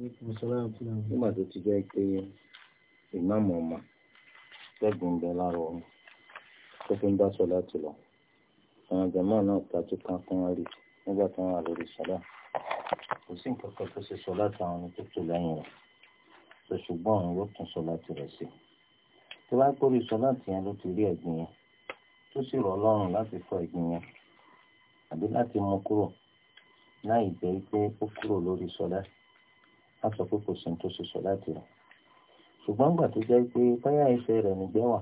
nígbà tó ti jẹ́ pé ìmáàmù ọmọ tẹ́gùn bẹ lára ọmọ tó fi ń bá sọ láti lọ àwọn jàmá náà tajú kan fún wa rí nígbà tó wà lórí sọlá kò sí nǹkan kan tó ṣe sọ láti àwọn ẹni tó tó lẹ́yìn rẹ̀ tó ṣùgbọ́n òun yóò tún sọ láti rẹ̀ sí tó bá gbórí sọ láti yẹn ló ti rí ẹ̀gbìn yẹn tó sì rọ̀ lọ́rùn láti fọ ẹ̀gbìn yẹn àbí láti mú kúrò láì jẹ́ pé ó kúrò lórí sọlá a sọ pé kò sí tó ṣe sọ láti rẹ̀ ṣùgbọ́n gbà tó jẹ́ pé báyà ẹsẹ̀ rẹ̀ nígbẹ́ wà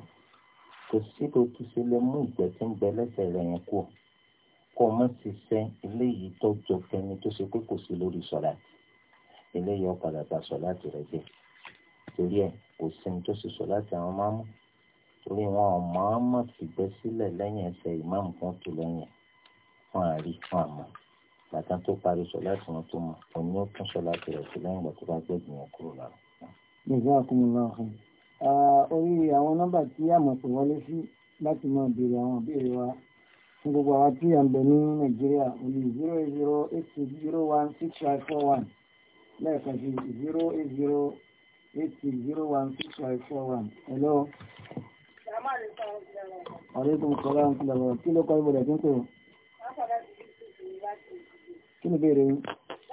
kò sí bó ti ṣe lè mú ìgbẹ́ tí ń bẹ lẹ́sẹ̀ rẹ̀ yẹn kú kó o má ti sẹ́ eléyìí tọ́jú ẹni tó ṣe pé kò sí lórí sọ̀rọ̀ eléyìí ọ̀padà bá sọ láti rẹ̀ jẹ́ torí ẹ̀ kò sí tó ṣe sọ láti àwọn máàmù torí wọn ò máa mọ̀ fìgbẹ́ sílẹ̀ lẹ́yìn ẹsẹ̀ ìmáàmù kan tó lẹ́yìn fún àárí fún àmọ́ bàtà tó parí sọ láti wọn tó mọ òun yóò tún sọ láti rẹ̀ sí lẹ́yìn ìgbà tó bá gbẹ̀gbìn yẹn kúrò lára. ǹjẹ́ àkúmọ̀lá ọ̀hún orí àwọn nọ́mbà tí àmọ̀ pè wọlé sí láti máa béèrè àwọn ìbéèrè wa fún gbogbo àwọn tí à ń bẹ ní nàìjíríà orí zero eight zero eight six zero one six five four one lẹ́ẹ̀kan sí zero eight zero eight six zero one six five four one hello. ọ̀rẹ́ tó ń sọ̀rọ̀ àwọn ìpínlẹ̀ ọ̀rọ̀ kí ló kọ́ ibodè tó ń pè wọ́n kí ni béèrè yín.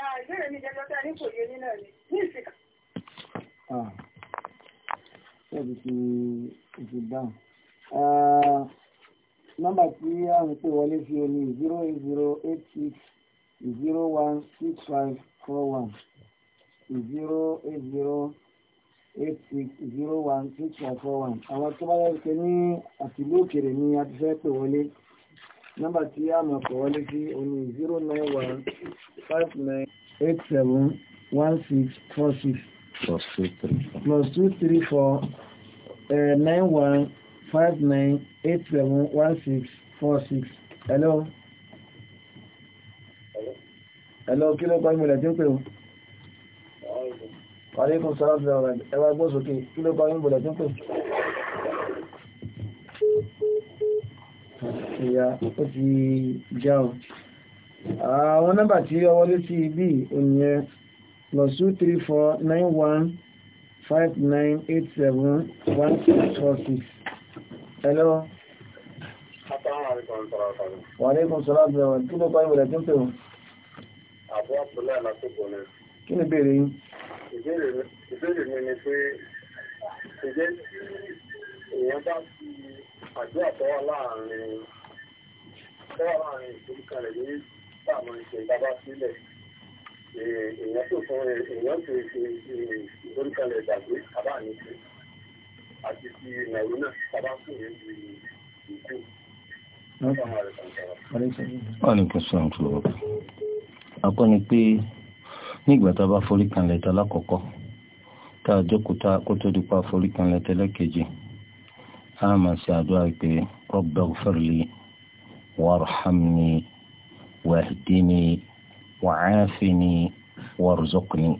Ah, ìbéèrè mi jẹjọ tẹ ní kò yé ní náà ni ní ìsìnkà. Ah, ṣéèbù ti ti dáhùn. Ah, nọ́mbà tí a ń pè wọlé sí o ní zero eight zero eight six zero one six five four one zero eight zero eight six zero one six five four one àwọn tó bá yẹ kí ní àtìlú ni a ti fẹ́ pè wọlé nọ́mbà tí a mọ̀ pọ̀ wọlé sí oní 09159871646 plus 234 plus 234 uh, 9159871646 hello hello kí ló kọ́ ìmọ̀lẹ̀ tí ó pè ó wàlékún sọ́rọ̀ ẹwà gbọ́sọ̀kẹ́ kí ló kọ́ ìmọ̀lẹ̀ tí ó pè ó ìyá ó ti jẹun àwọn nọ́mbà tí ó wọlé sí ibi ònìyàn plus two three four nine one five nine eight seven one six four six hello. Wa alaikum salaam bí ọ̀rọ̀ kí ló kọ́ ìwòlẹ̀ tó ń pè wọ́n? Àbúrò Abdullahi Lásìkò ni. Kí ni ìbéèrè yín? Ìbéèrè mi ni pé ìjẹ́ èèyàn bá fi àdúrà tọ́wọ́ láàárín lọ́wọ́ láàrin ìforúkalẹ̀ ní táwọn ìṣe ìdábá sílẹ̀ èèyàn tó fún èèyàn tó ṣe ìforúkalẹ̀ ìgbàgbé àbá tá a bá forí kanlẹ̀ tá lákọ̀ọ́kọ́ tá a jókòó tá kó tó dípa forí kanlẹ̀ tẹ́lẹ̀ kejì, a máa ṣe àdúrà pé Rabbaghfirli وارحمني واهدني وعافني وارزقني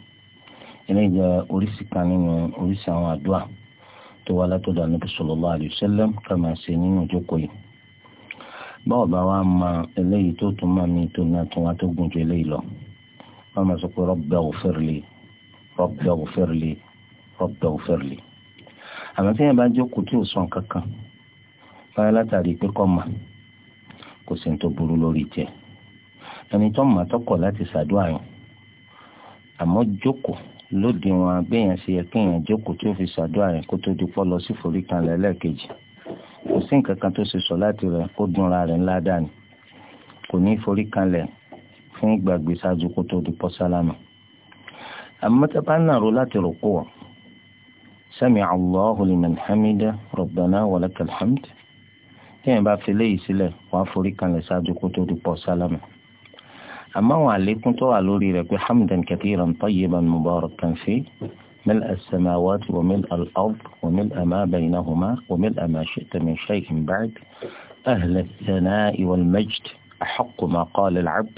eléyìí jẹ́ oríṣi kan nínú oríṣi àwọn àdúrà tó wá látọ̀dọ̀ Ànábì sallallahu alaihi wasallam ká máa ṣe nínú ìjókòó yìí báwo bá wá ma eléyìí tó tún máa mi tó náà tún wá tó gùn ju eléyìí lọ wọ́n máa sọ pé rabbi ghfirli rabbi ghfirli rabbi ghfirli àmọ́ tí yẹn bá jókòó tí ò sọ kankan báyọ̀ látàrí pé kọ́ máa kò sí tó burú lórí tiẹ̀ ẹni tó mọ̀ tọkọ̀ láti ṣàdúrà yẹn àmọ́ jókòó lóde wọn agbẹ́yẹn ṣe yẹ kéèyàn jókòó tí ó fi ṣàdúrà yẹn kó tó di pọ́ lọ sí foríkanlẹ̀ lẹ́ẹ̀kejì kò sí nǹkan kan tó ṣe sọ láti rẹ̀ kó dunra rẹ̀ ńlá dání kò ní foríkanlẹ̀ fún ìgbàgbé ṣáájú kó tó di pọ́ sálámà àmọ́ tá a bá nàró láti rò kó wọ́n sami'a Allahu liman hamida rabbana wa lakal hamd. téèyàn bá fi léyìí sílẹ̀ wàá forí kanlẹ̀ ṣáájú kó tó di pọ̀ sálámà àmọ́ àwọn àlékún tó wà lórí rẹ̀ pé hamdan kathiran tayyiban mubarakan fi ملء السماوات وملء الأرض وملء ما بينهما وملء ما شئت من شيء بعد أهل الثناء والمجد أحق ما قال العبد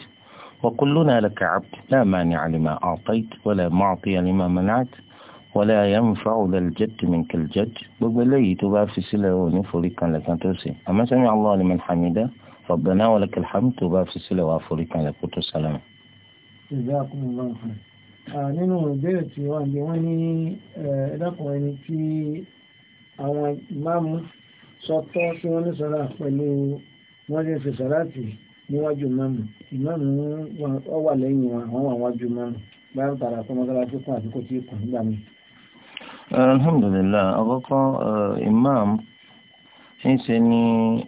وكلنا لك عبد لا مانع لما أعطيت ولا معطي لما منعت wala yanfa'u dhal jadd minkal jadd gbogbo eléyìí tó bá fi sílẹ̀ ò ní forí kanlẹ̀ kan tó ṣe àmọ́ sami Allahu liman hamidah rabbana wa lakal hamd tó bá fi sílẹ̀ wà forí kanlẹ̀ kó tó sálámù. ìjà kún un lọ́wọ́ fún un nínú ìbéèrè tí wọ́n ní wọ́n ní ẹ̀ẹ́dẹ́kùnrin ni tí àwọn ìmáàmù sọtọ́ tí wọ́n ní sọ́ra pẹ̀lú wọ́n ṣe fi sàláàtì níwájú mọ́mù ìmáàmù alhamdulilayi àkọ́kọ́ imam ńṣe ni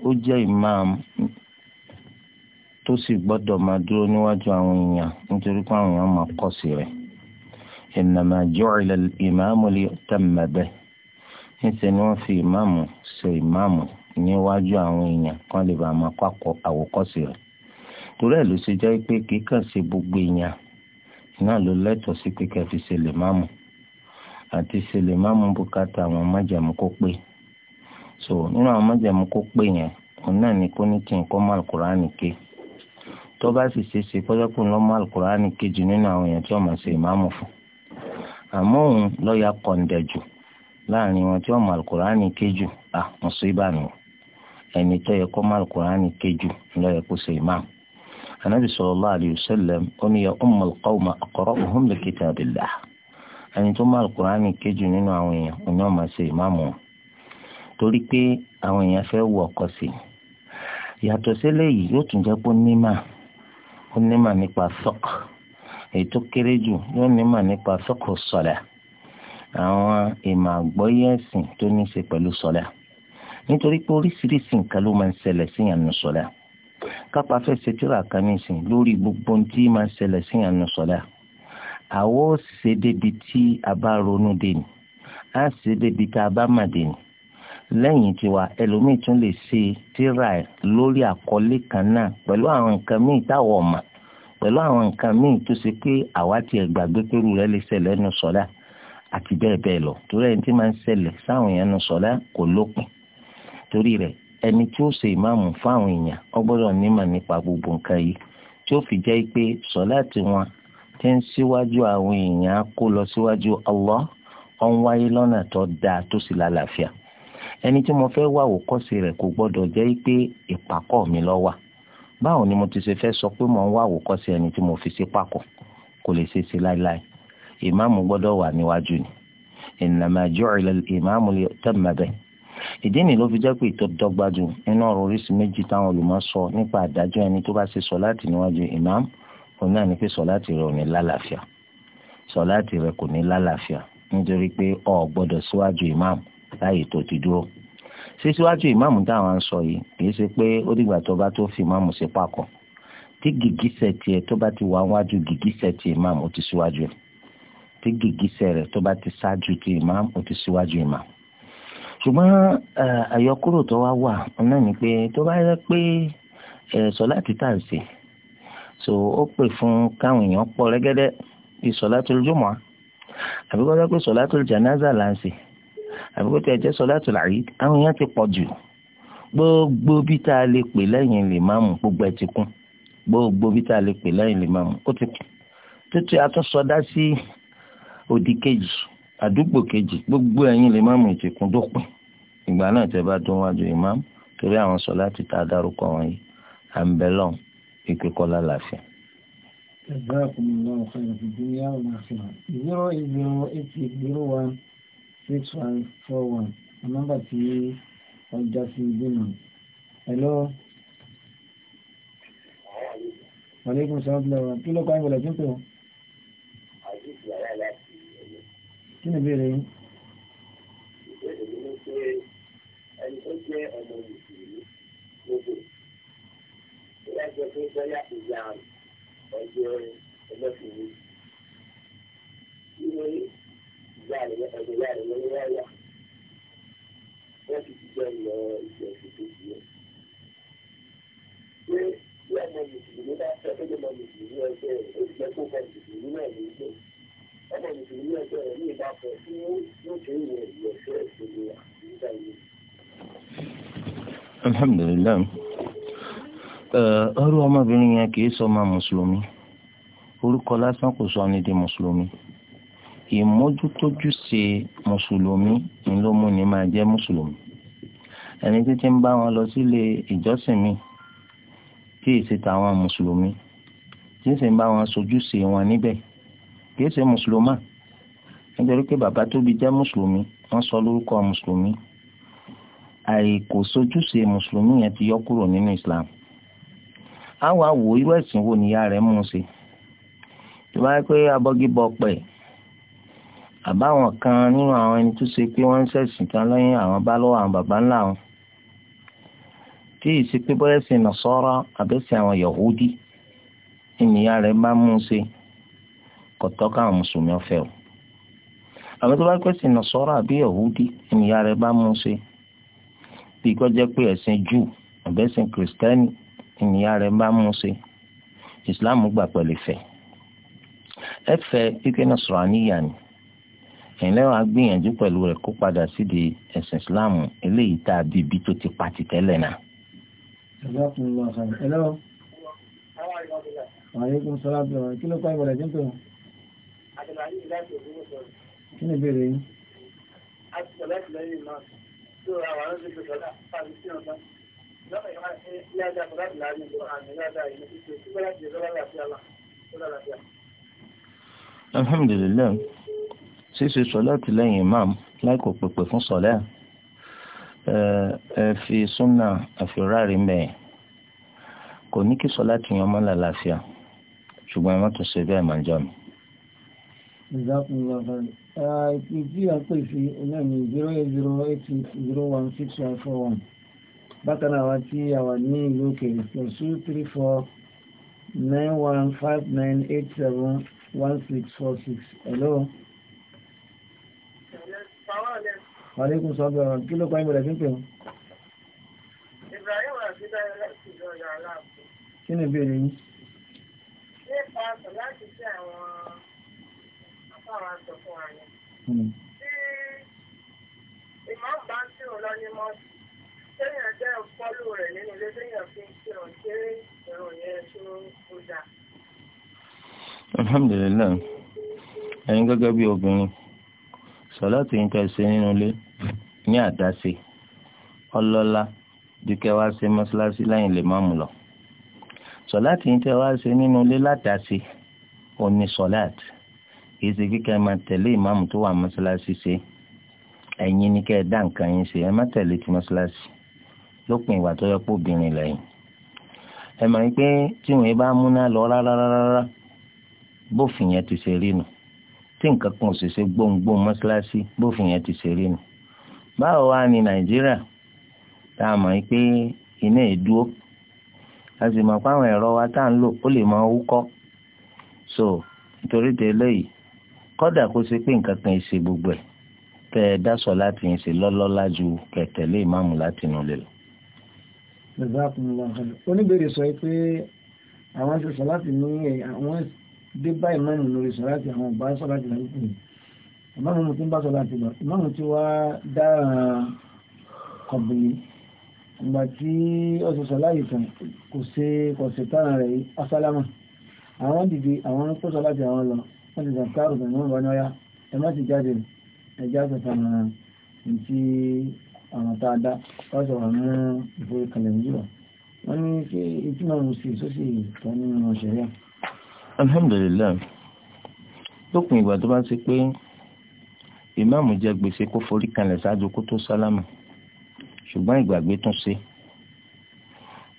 ó je imam tó sì gbọdọ máa dúró níwájú àwọn èèyàn nítorí pé àwọn èèyàn máa kọ́ sí rẹ̀ innama ile al-imamu liyu'tamma bihi ni wọn fi imamu ṣe imamu níwájú àwọn èèyàn kan lè bá máa kọ́ àwòkọ́sí rẹ̀ torí ló ṣe jẹ́ pé gbogbo èèyàn náà ló sí pé ṣe lè àti ṣẹlẹ̀ má mú bùkátà àwọn májàmú kó pé so nínú àwọn májàmú kó pé yẹn òun náà ni kó ní kí n kọ́ mọ́ àlùkùránì ké tó bá sì ṣe ṣe kọ́jọ́pọ̀ ń lọ́ ké jù nínú àwọn èèyàn tí wọ́n máa ṣe ìmáàmù fún àmọ́ òun kọ̀ǹdẹ̀ jù láàrin wọn tí wọ́n ké jù à ẹni tó yẹ kọ́ ké jù ẹni tó mọ alukurani kejì nínú àwọn èèyàn kò ní ọmọ ṣe ìmáàmù wọn torí pé àwọn èèyàn fẹ́ wọ ọkọ sí yàtọ̀ sílẹ̀ yìí yóò tún jẹ́ pé ó nímà ó nímà nípa fọ́k èyí tó kéré jù yóò nímà nípa fọ́kù sọ̀lá àwọn ìmọ̀ àgbọ́yé tó ní í ṣe pẹ̀lú sọ̀lá nítorí pé oríṣiríṣi nǹkan ló máa ń ṣẹlẹ̀ síyàn nù sọ̀lá kápá fẹ́ ṣe tíra kan nísìn lórí gbogbo ohun tí máa ń ṣẹlẹ̀ síyàn nù sọ̀lá àwọ̀ ṣe débi tí a bá ronú dé ni a ṣe débi tá a bá mà dé ni lẹ́yìn tiwa ẹlòmíì tún lè ṣe tíra ẹ̀ lórí àkọlé kan náà pẹ̀lú àwọn nǹkan míì táwọ̀ ọ̀mà pẹ̀lú àwọn nǹkan míì tó ṣe pé àwa ti ẹ̀gbàgbé pẹ̀lú rẹ̀ lè ṣẹlẹ̀ nù sọ́lá àti bẹ́ẹ̀ bẹ́ẹ̀ lọ torí ẹni tí máa ń ṣẹlẹ̀ sáwọn èèyàn nù sọ́lá kò lópin torí rẹ̀ ẹni tí ó ṣe ìmáàmù fáwọn èèyàn ó nímọ̀ nípa gbogbo nǹkan yìí tí ó fi jẹ́ pé sọ́lá tiwọn tí ń síwájú àwọn èèyàn kó lọ síwájú Allah ọ̀n wáyé lọ́nà tó dáa tó sì lálàáfíà ẹni tí mo fẹ́ wá àwòkọ́ṣe rẹ̀ kò gbọ́dọ̀ jẹ́ pé ìpàkọ́ mi ló wà báwo ni mo ti ṣe fẹ́ sọ pé mo ń wá àwòkọ́ṣe ẹni tí mo fi sí pàkọ́ kò lè ṣe ṣe láéláé ìmáàmù gbọ́dọ̀ wà níwájú ni innama ju'ila al-imamu liyu'tamma bihi ìdí nìyí ló fi jẹ́ pé ìtọ́dọ́gbájú nínú oríṣi méjì táwọn olùmọ̀ sọ nípa àdájọ́ ẹni tó bá ṣe sọ láti níwájú ìmáàmù òun náà ní pé sọ̀láàtì rẹ̀ ò ní lálàáfíà sọ̀láàtì rẹ̀ kò ní lálàáfíà nítorí pé o gbọ́dọ̀ síwájú ìmáàmù láàyè tó ti dúró ṣé síwájú ìmáàmù táwọn ń sọ yìí kì í ṣe pé ó dìgbà tó bá tó fi ìmáàmù sí pàkọ́ tí gìgísẹ̀ tiẹ̀ tó bá ti wà wájú gìgísẹ̀ ti ìmáàmù ó ti síwájú ẹ̀ tí gìgísẹ̀ rẹ̀ tó bá ti ṣáájú ti ìmáàmù ó ti síwájú ìmáàmù ṣùgbọ́n àyọkúrò tó wá wà náà ni pé tó bá yẹ pé sọ̀láàtì tá à ń ṣe so ó pè fún káwọn èèyàn pọ̀ rẹ́gẹ́dẹ́ bíi sọ̀látùl jumu'ah a kó jẹ́ pé sọ̀látùl janaza là ń ṣe àbí kó tẹ̀ jẹ́ sọ̀látùl eid àwọn èèyàn ti pọ̀ jù gbogbo bí tá a lè pè lẹ́yìn lèmáàmù gbogbo ẹ̀ ti kún gbogbo bí tá a lè pè lẹ́yìn lèmáàmù ó ti kún títí a tún sọdá sí òdì kejì àdúgbò kejì gbogbo ẹ̀yìn lèmáàmù ti kún dópin ìgbà náà tẹ́ bá tó wájú ìmáàmù torí àwọn sọ̀látù tá a dárúkọ wọ̀nyí à ń bẹ lọ́hùn kíkẹ́ kọ́lá láàfin. jazakumullahu khairan fid dunya wal akhirah zero eight zero eight zero one six five four one nọ́mbà tí ọjà sí ìdènà. hello. maaleykum salaam wa kí ló kọ́ ẹ̀ wọlé tó tó. kí ni ìbéèrè yín. ìbéèrè mi ni pé ẹni tó jẹ́ ọmọ ìsìn ní gbogbo jẹ pé bọ́lá ìyá rẹ̀ ọjọ́ ẹlẹ́kùnrin ìwé ìyá rẹ̀ ọjọ́ ìyá rẹ̀ lọ́wọ́ wáyà wọ́n ti ti jẹ́ lọ ìjọ ìṣètò ìṣẹ́. pé yóò mọ mùsùlùmí bá fẹ́ tó mọ mùsùlùmí ọjọ́ rẹ̀ ó ti jẹ́ kó kọ mùsùlùmí náà ní ilé ọmọ mùsùlùmí ọjọ́ rẹ̀ ní ìbáfọ̀ tí yóò ṣe ìwé ìyẹ̀ṣẹ́ ìṣèlú àti ìgbà yìí. alhamdulilayi ọrú ọmọbìnrin yẹn kì í sọ ọmọ mùsùlùmí orúkọ lásán kò sọ ní di mùsùlùmí ìmójútójú ṣe mùsùlùmí ni ló mú ni máa jẹ́ mùsùlùmí ẹni títí ń bá wọn lọ sílé ìjọsìn mi tí èsì tàwọn mùsùlùmí tí èsì ń bá wọn sojú ṣe wọn níbẹ̀ kì í ṣe mùsùlùmá nítorí pé bàbá tóbi jẹ́ mùsùlùmí wọ́n sọ lórúkọ mùsùlùmí àìkò sojúṣe mùsùlùmí yẹn ti yọ kúrò nínú Islam á wàá wò irú ẹ̀sùn wo nìyá rẹ̀ mú un ṣe tó bá yẹ pé abọ́gibọ̀ pẹ̀ àbáwọn kan nínú àwọn ẹni tó ṣe pé wọ́n ń ṣẹ̀sìn tán lẹ́yìn àwọn bá lọ́wọ́ àwọn bàbá ńlá wọn tí ìṣe pé bọ́yẹ̀ sí nàṣọ́rọ́ àbẹ́sẹ̀ àwọn yahudi ìnìyá rẹ̀ bá mú un ṣe kò tọ́ káwọn mùsùlùmí ọ̀fẹ́ o àwọn tó bá pẹ́ sí nàṣọ́rọ́ àbí yahudi ìnìyá rẹ̀ bá mú un ṣe bí kò pé ẹ̀sìn jù àbẹ́sìn kìrìsìtẹ́nì ìníyà rẹ̀ bá mú ṣe islam gbà pẹ̀lú ìfẹ́ ẹ fẹ́ pípẹ́ náà sọ̀rọ̀ àníyàn ni ẹ̀ńlẹ́ wàá gbìyànjú pẹ̀lú rẹ̀ kó padà sídìí ẹ̀sìn islam eléyìí tá a bí ibi tó ti pati tẹ́lẹ̀ náà. Àlékún sọ́lá bí ọ̀rọ̀ kí ló kọ́ ìwọ̀lẹ̀ jẹ́ pé wọn? Kí ni ìbéèrè yín? A ti sọ̀lá ìtìlẹ́yìn náà, tó sọ́lá, fàbí sí ọ̀sán alhamdulilayi ṣíṣe sọláàtì lẹ́yìn imam láìkò pèpè fún sọlá ẹ fi súnà àfiráàrí mẹ́ẹ̀ kò ní kí sọláàtì yan mọ́ lálàáfíà ṣùgbọ́n ẹ má tún ṣe bẹ́ẹ̀ máa jọ mi. ìdí àpèsè náà ní zero eight zero eight six zero one six five four one bákan náà àwọn tí a ní ìlú òkèèrè plus two three four nine one five nine eight seven one six four six hello. Àlékún sọ bẹ̀rẹ̀ ọ̀rọ̀ kí ló pa ìbẹ̀rẹ̀ fífẹ̀ wọn? Ibrahim Àfídá láti ìjọ ìyá aláàbò. Kí ni ìbéèrè yín? Nípa ọ̀sán láti sí àwọn afáwọn aṣọ fún wa ni. Hmm. Tí ìmọ̀ bá ń tí òun lọ ní mọ́ọ̀sì sẹ́yìn ajá fọ́lù rẹ̀ nínú ilé sẹ́yìn fi ń ṣe ọ̀ṣẹ́ ìrùn yẹn tó ó dà. alhamdulilayi ẹ̀yin gẹ́gẹ́ bí obìnrin sọláàtì yín ká ṣe nínú ilé ní àdáṣe ọlọ́lá dúkẹ́ wá ṣe mọ́ṣáláṣí lẹ́yìn lè má mú lọ sọláàtì yín tẹ́ wá ṣe nínú ilé látàṣe òní sọláàtì kì í ṣe kíkẹ́ máa tẹ̀lé ìmáàmù tó wà mọ́ṣáláṣí ṣe ẹ̀yin ni kẹ́ ẹ dá nǹkan yín ṣe ẹ má tẹ̀lé ti mọ́ṣáláṣí lópin ìgbà tó yẹ kó obìnrin lẹ́yìn ẹ mọ̀ ní pé tí òun bá múná lọ rárá rárá bófin yẹn ti ṣe rí nu tí nǹkan kan sì ṣe gbóngbóng mọ́ṣáláṣí bófin yẹn ti ṣe rí nu báwo wá ní nàìjíríà tá a mọ̀ ní pé iná ìdúró a sì mọ̀ pé àwọn ẹ̀rọ wa tá à ń lò ó lè máa wúkọ́ so nítorí tẹ́lẹ̀ yìí kọ́dà kó ṣe pé nǹkan kan ṣe gbogbo ẹ̀ tẹ́ ẹ dá láti yẹn ṣe lọ́lọ́lá ju kẹ̀tẹ̀lé ìmáàmù látinú lè lọ oníbèrè sọ pé àwọn ṣe sọ́láti ní àwọn dé bá ìmáàmù lórí sọ́láti àwọn ọ̀bá sọ́láti lọ́pù ìmáàmù tí ń bá sọ́láti lọ ìmáàmù tí wá dára kọ̀bìlì ìgbà tí ó ṣe sọ́láti tàn kò ṣe kọ̀ṣẹ̀ tánà rẹ̀ asálámà àwọn dìde àwọn tó sọ́láti àwọn lọ wọ́n ti dàkárù pẹ̀lú wọn bá ní ọyá ẹ má ti jáde ẹ̀já sọ̀tàn ọ̀nà dáadáa wọ́n sọ wà mú ìforí kalẹ̀ wíwà wọ́n ní ṣe etí máa mú sí sósì tọ́ nínú ọ̀ṣẹ̀yà. alhamdulilayi lópin ìgbà tó bá ti pé ìmáàmù jẹ gbèsè kó forí kalẹ̀ ṣáájú kó tó sálámà ṣùgbọ́n ìgbàgbé tún ṣe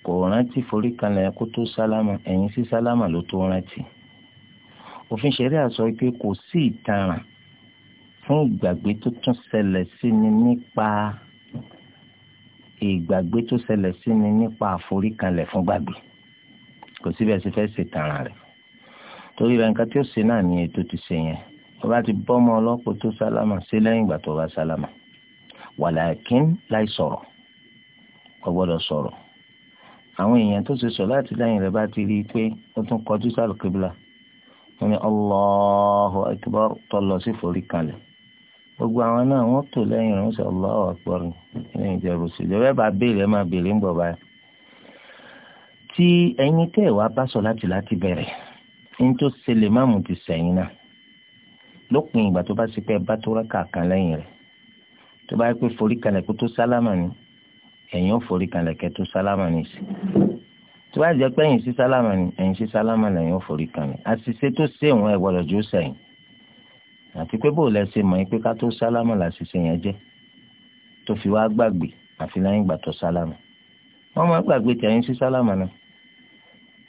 kò rántí forí kalẹ̀ kó tó sálámà ẹ̀yìn sí sálámà ló tó rántí òfin ṣẹ̀ríà sọ pé kò sí ìtaràn fún ìgbàgbé tó tún ṣẹlẹ̀ sí ni nípa ìgbàgbé tó ṣẹlẹ̀ sí ni nípa àforíkanlẹ̀ fún gbàgbé kò síbẹ̀ sí fẹ́ ṣètàrà rẹ̀ torí rẹ̀ nǹkan tí ó ṣe náà ni ètò ti ṣe yẹn tó bá ti bọ́mọ ọlọ́pọ̀ tó sálámà sí lẹ́yìn ìgbà tó bá sálámà wàlàkín láì sọ̀rọ̀ kò gbọ́dọ̀ sọ̀rọ̀ àwọn èèyàn tó ṣe sọ láti lẹ́yìn rẹ̀ bá ti rí i pé ó tún kọjú sálùkíbla wọn ni Allahu akbar tó lọ sí forí kanlẹ̀ gbogbo àwọn náà wọ́n tò lẹ́yìn ìránṣẹ́ Allahu Akbar lẹ́yìn ìjẹ̀rù sílẹ̀ ẹ bá béèrè ẹ máa béèrè ń bọ̀ báyìí. tí ẹ̀yin tẹ́ ẹ̀ wá bá sọ láti láti bẹ̀rẹ̀ ní tó ṣe lè má mú ti sẹ́yìn náà lópin ìgbà tó bá ṣe pé ẹ bá tó rákà kan lẹ́yìn rẹ̀ tó bá yẹ pé forí kalẹ̀ kó tó sálámà ni ẹ̀yin ò forí kalẹ̀ kẹ́ tó sálámà ni sí tó bá jẹ́ pé ẹ̀yin sí sálámà ni ẹ̀yin sí sálámà lẹ́yìn ò forí kalẹ̀ àṣìṣe tó ṣe ìwọ̀n ẹ̀ gbọ́dọ̀ àti pé bó lẹ ṣe mọ̀ pé ká tó sálámà làṣìṣe yẹn jẹ́ tó fi wá gbàgbé àfi lẹ́yìn ìgbà tó sálámà wọ́n máa gbàgbé tẹ̀yìn sí sálámà náà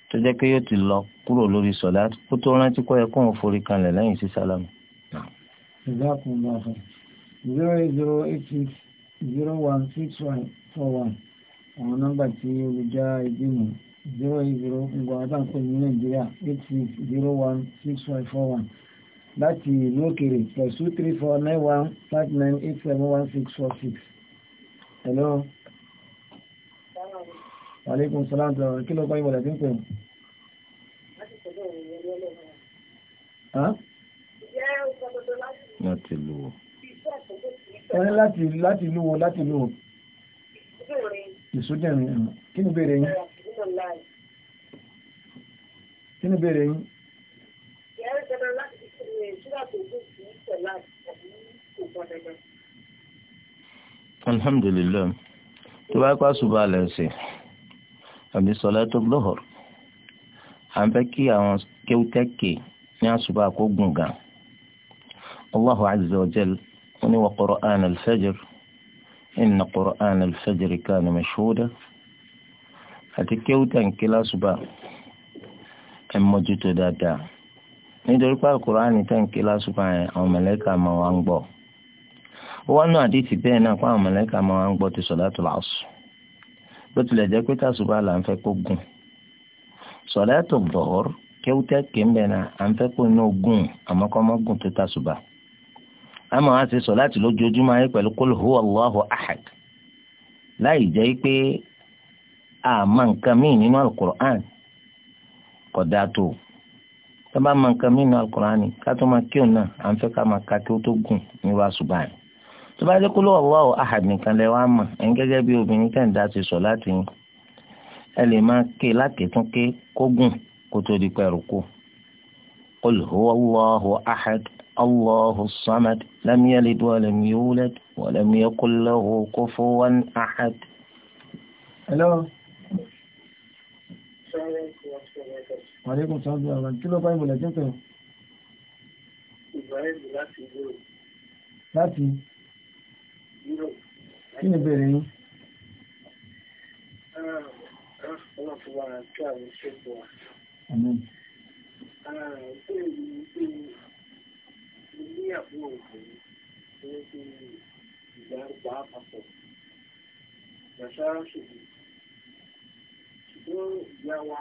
tó jẹ́ pé yóò ti lọ kúrò lórí sọ̀lá kó tó rántí kọ́ ẹ kó òun forí kanlẹ̀ lẹ́yìn sí sálámà. zero eight zero eight six zero one six one four one àwọn nọ́mbà tí olùjá ìdìmọ̀ zero eight zero nǹkan àtàkùn ní nàìjíríà eight six zero one six one four one láti ìlú òkèrè plus two three four nine one five nine eight seven one six four hello. aleykum salaam tó kí ló kọ́ ìwọlẹ̀ tí ń pè mí. láti ìlú wo. ẹni láti láti ìlú wo láti ìlú wo. ìsúnjẹ̀rin kí ni ìbéèrè yín. kí ni ìbéèrè yín síra tó kù sí sọ̀lá àbí kò pọn dandan. alhamdulilayi tó bá pa ṣùgbọ́n àlẹ́ ṣe àbí sọlá tó gbọ́họ̀ à ń fẹ́ kí àwọn kéwútẹ́kì ní àṣùbà kó gùn gan. Allahu azza wa jal ni wa qur'an al-fajr inna qur'an al-fajr kana mashhuda àti kéwútẹ́ǹkì lásùbà ẹ̀ mọ́jútó dáadáa. nítorí pé alukur'an tẹ̀ ń ké lásùpà yẹn àwọn mẹ̀lẹ́kà máa wá ń gbọ́ wọn náà àdìtì bẹ́ẹ̀ náà pé àwọn máa wá ń gbọ́ ti sọ̀láàtù làásù bó tilẹ̀ jẹ́ pé tàṣùbà là ń fẹ́ kó gùn sọ̀láàtù dọ̀họ́r kéwútẹ́ kéńbẹ̀ náà à ń fẹ́ kó iná àmọ́ kọ́ mọ́ gùn tó a máa wá sí lójoojúmọ́ ayé pẹ̀lú sábà máa nǹkan mí nu alukurani ká tó máa kíun náà à ń fẹ́ ká máa ka kí ó tó gùn níwá ṣùgbọ́n àyè tó bá dé kó ló wà wá ahad nìkan lẹ wá mọ̀ ẹ̀yin gẹ́gẹ́ bí obìnrin tẹ̀ ń dá ti sọ láti yín ẹ lè máa ké láti ké kó gùn kó tó di pẹ̀rù kú. qul huwa allahu ahad allahu samad lam yalid wa lam yulad wa Àríkùn sọ́jú àwọn kí ló bá ìmọ̀lẹ̀ tí ó pẹ̀lú? Ìbáyìí láti Yúrò. Láti? Yúrò. Kí ni bèèrè yín? Ah, Ọlọ́run fún wa kí àwọn ìṣẹ́kù wa. Àmín. Ah, ìbéèrè yìí pé ilé àbúrò òkèèrè tó ń fi ìgbà gbà papọ̀. Ìgbà sára ṣèlú. Ṣùgbọ́n ìyá wa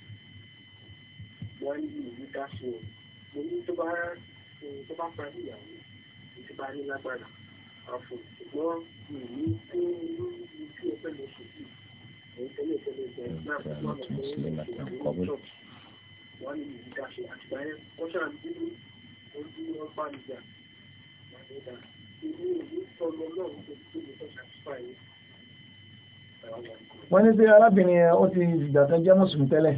wọ́n ní ìlú dá sí o mo ní tó bá eh, tó bá parí ìyàwó ní tó bá ní lágbára àfò ṣùgbọ́n mi ò ní tó lórí tí o fẹ́ lọ sùn sí èyí tẹ́lẹ̀ tẹ́lẹ̀ jẹ́ náà fún àwọn ọmọ ìyàwó ní ṣọ́ọ̀bù wọ́n ní ìlú dá sí àtìgbà yẹn wọ́n ṣáà ń dúró ó dúró wọn bá mi jà wọ́n ní dáa wọ́n ní pé arábìnrin ẹ̀ ti ìgbà jẹ́ mùsùlùmí tẹ́lẹ̀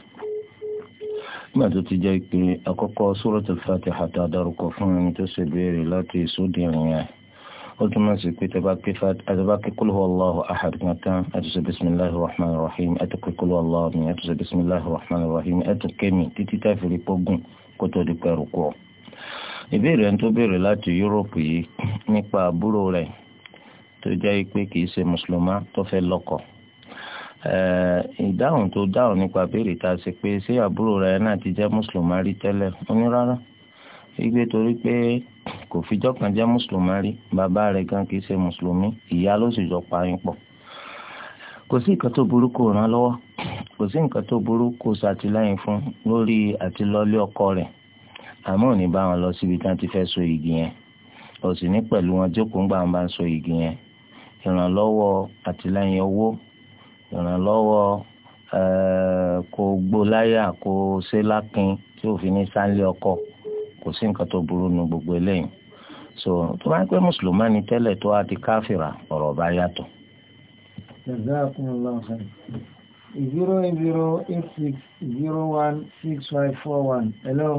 nígbà tó ti jẹ́ pé àkọ́kọ́ suratul Fatiha tá a dárúkọ fún ẹni tó ṣe béèrè láti ìsódì ìrìn yẹn ó túmọ̀ sí pé tẹ́bá kí kúlù Allahu ahad kan tán ẹ̀tùsọ bisimilahi rahman rahim ẹ̀tù kí kúlù Allahu mi ẹ̀tùsọ bisimilahi rahman rahim ẹ̀tù kémi títí táfìrí pógùn kó tó di pẹ̀rù kọ́ ìbéèrè ẹni tó béèrè láti Yúróòpù yìí nípa àbúrò rẹ̀ tó jẹ́ pé kì í ṣe mùsùlùmá tó fẹ́ lọ́kọ̀ọ́ ìdáhùn tó dáhùn nípa béèrè tá a ṣe pé ṣé àbúrò rẹ náà ti jẹ́ mùsùlùmá rí tẹ́lẹ̀ ó ní rárá igbe torí pé kò fijọ́ kan jẹ́ mùsùlùmá rí bàbá rẹ̀ gan kì í ṣe mùsùlùmí ìyá ló sì jọ pa yín pọ̀ kò sí nǹkan tó burú kó ràn lọ́wọ́ kò sí nǹkan tó burú kó ṣàtìlẹ́yìn fún lórí àti lọ́lé ọkọ rẹ̀ àmọ́ ò ní bá wọn lọ síbi tí wọ́n ti fẹ́ so igi yẹn ò sì ní pẹ̀lú wọn jókòó ń gbà wọn bá ń so igi yẹn ìrànlọ́wọ́ àtìlẹ́yìn owó ìrànlọ́wọ́ kó gbó láyà kó ṣe lákin tí òfin ní sáńlé ọkọ kò sí nǹkan tó burú nu gbogbo eléyìí so tó bá ń pẹ́ mùsùlùmá ni tẹ́lẹ̀ tó wá di káfíra ọ̀rọ̀ bá yàtọ̀. jazakumullahu khairan zero eight zero eight six zero one six five four one hello.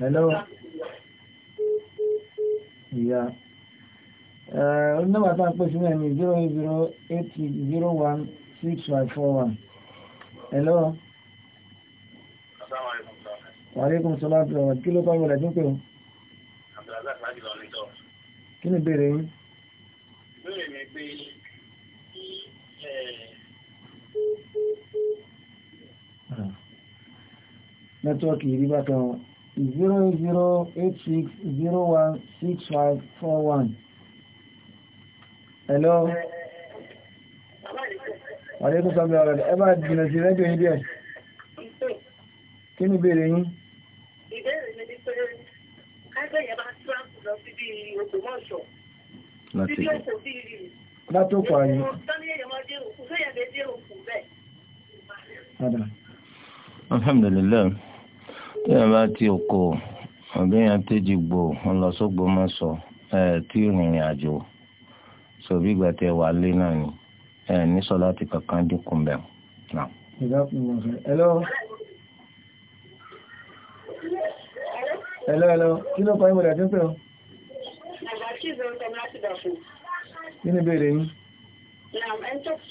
hello. ìyá. Yeah nọ́mbà tá à ń pè sí náà ní zero eight zero eight six zero one six five four one. hello. wàlékún sọlá tó ọ̀rọ̀ kí ló kọ́ wọlé tó pé o. kí ni ìbéèrè yín. ìbéèrè mi pé nẹ́tíwọ́kì yìí bákan zero zero eight six zero one six five four one. Hello. Àlékún sọ bí ọ̀rọ̀ ẹ bá jìnà sí rẹ́díò yín díẹ̀. Kí ni ìbéèrè yín? Ìbéèrè mi ni pé kájọ yẹn bá tíráàpù lọ sí bí Ògbómọ̀ṣọ́. Láti bí òkú bí rí. Látòkò ayé. Tọ́lá yẹn máa dé òkú, sóyà lè dé òkú bẹ́ẹ̀. Alhamdulillah tí a bá ti òkò ọ̀bẹ́yàn tẹ́jì gbò ọlọ́sọ́gbọ́mọṣọ ẹ̀ tí ìrìnrìn àjò sòbí ìgbà tẹ wà lé náà ni ẹ ní sọlá ti kankan dínkù mbẹ. Hello, hello. Kí ló kọ́ ìmọ̀lẹ̀ àti ń pè ọ́? Kí ni béèrè yín?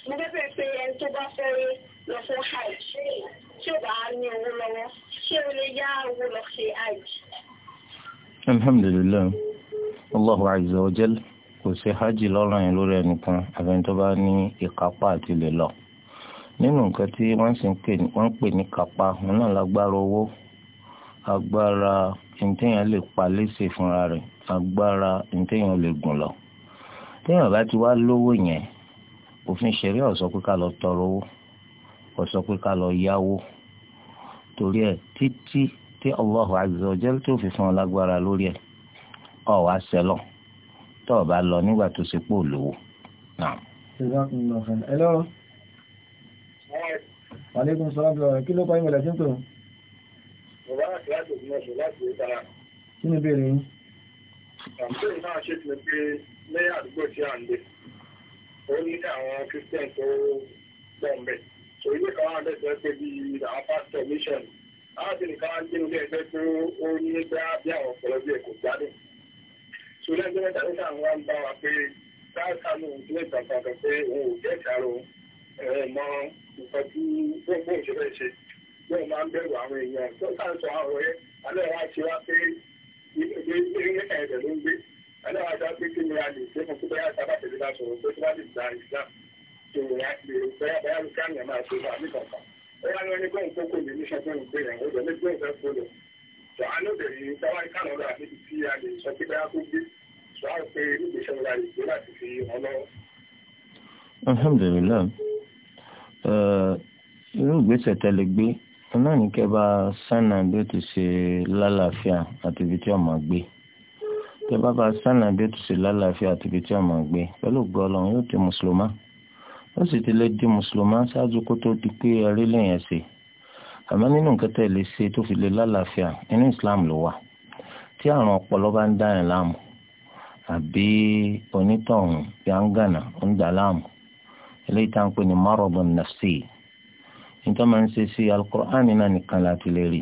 Mo fẹ́ bẹ̀rẹ̀ pé ẹni tó bá fẹ́ lọ fún hajj tí ó bá ní owó lọ́wọ́, ṣé o lè yá owó lọ sí hajj? Alhamdulillah, Allahu Azza wa kò sí hajj lọ́rùn yẹn lórí ẹnìkan àfẹn tó bá ní ìkápá àti lè lọ nínú nǹkan tí wọ́n sì ń pè ní kápá òun náà lágbára owó agbára ntẹ́yìn lè pa léṣe fúnra rẹ̀ agbára ntẹ́yìn lè gùn lọ téèyàn bá ti wá lówó yẹn òfin ṣẹ̀rí ó pé ká lọ tọrọ owó ó pé ká lọ yáwó torí ẹ̀ títí tí Allahu azza wa jalla tó fi fún ọ lágbára lórí ẹ̀ ọ̀ wá sẹ́lọ̀ tó o bá lọ nígbà tó ṣe pò lówó. ẹ̀lọ́ aleykum salaam lọ kí ló kọ́ ìmọ̀lẹ̀ tí ń pè ọ́. ìwádìí láti ìgbìmọ̀ láti ìtara. kí ni ìbéèrè yín. àǹfààní náà ṣe ti pé lẹ́yìn àdúgbò tí à ń gbé ó ní àwọn christian tó pọ̀ ń bẹ̀ so ilé kan wà lẹ́sẹ̀ pé bí àwọn pastor mission láti nìkan gbé nílé ẹgbẹ́ tó ó ní gbá bí àwọn ọ̀pọ̀lọpọ̀ ẹ̀kọ́ gbádùn ṣùgbọ́n mẹ́ta ló sàn wá ń bá wa pé sáàkánú ìdílé ìtàkàtà pé òun ò jẹ́ ìṣàrò mọ nǹkan tí gbogbo òṣèré ṣe yóò máa ń bẹ̀rù àwọn èèyàn tó sàn sọ àwọn ẹ̀ alẹ́ wa ṣe wá pé ilé ẹ̀rẹ̀ ló ń gbé alẹ́ wa dá pé kí ni a lè ṣe fún kí bẹ́ẹ̀ sábà tẹ̀lé láṣọ pé kí wọ́n lè gba ìgbà tó wà lè bẹ́ẹ̀ bẹ́ẹ̀ kí àmì máa ṣe wà nígbà kan bẹ́ẹ̀ ni wọ́n ní gbọ́n kókò ní níṣẹ́ fún ìgbéyàwó àríkà lọ́dọ̀ àti tí a lè sọ pé báyà tó gbé sọ á pé ìgbésẹ̀ wọn láti gbé láti fi wọn lọ́wọ́. alhamdulilayi irú ìgbésẹ̀ tẹ́ lè gbé náà ní kẹ́ bá sànà bí ó ti ṣe lálàáfíà àti ibi tí ọmọ gbé tẹ́ bá bá sànà bí ó ti ṣe lálàáfíà àti ibi tí ọmọ gbé pẹ̀lú gbọ́lọ́n yóò di mùsùlùmá ó sì ti lè di mùsùlùmá ṣáájú kó tó di pé ẹrí lèèyàn ṣe àmọ́ nínú nǹkan tẹ́ lè ṣe tó fi lè lálàáfíà nínú Islam ló wà tí àrùn ọpọlọ bá ń dá yẹn láàmú àbí onítọ̀hún yangana ń dà láàmú eléyìí tá à ń pè ní maradun nafsi nítorí máa ń ṣe sí alukur'an náà nìkan láti lè rí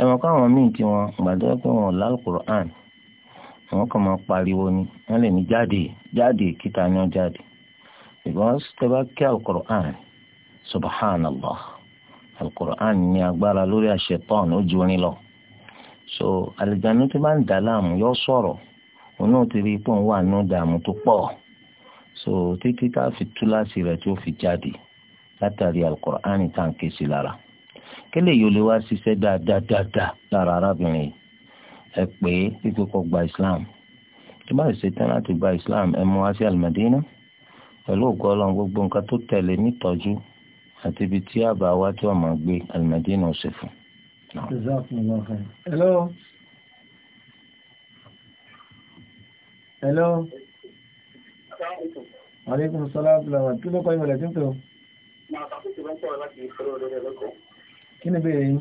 ẹ mọ̀ káwọn míì tí wọn gbàdúrà pé wọn ò lálùkur'an wọn kàn máa pariwo ni wọn lè ní jáde jáde kíta ni wọn jáde because tẹ bá kí alukur'an subhanallah alukur'an ní agbára lórí àṣetán ó orin lọ so àlìjánu tó bá ń dà láàmú yọ sọ̀rọ̀ òun náà ti rí i pé òun wà nù dààmú tó pọ̀ so títí tá a fi túláàsì rẹ̀ tí ó fi jáde látàrí alukur'ani tá à ń ké sí lára kélé yìí ó lè wá ṣiṣẹ́ dáadáa lára arábìnrin yìí ẹ pé kíkó kọ gba islam tó bá ṣe tán láti gba islam ẹ mú wá sí alimadina pẹ̀lú ògùn ọlọ́run gbogbo nǹkan tó tẹ̀lé nítọ́jú àti ibi tí àbá wa tí wọ́n máa gbé alimadina ọ̀sẹ̀ fún un. Hello. Hello. Aleykum salaam bilawa. Kí ló kọ́ ìwọ̀lẹ̀ tí ń tó? Kí ni bèèrè yìí?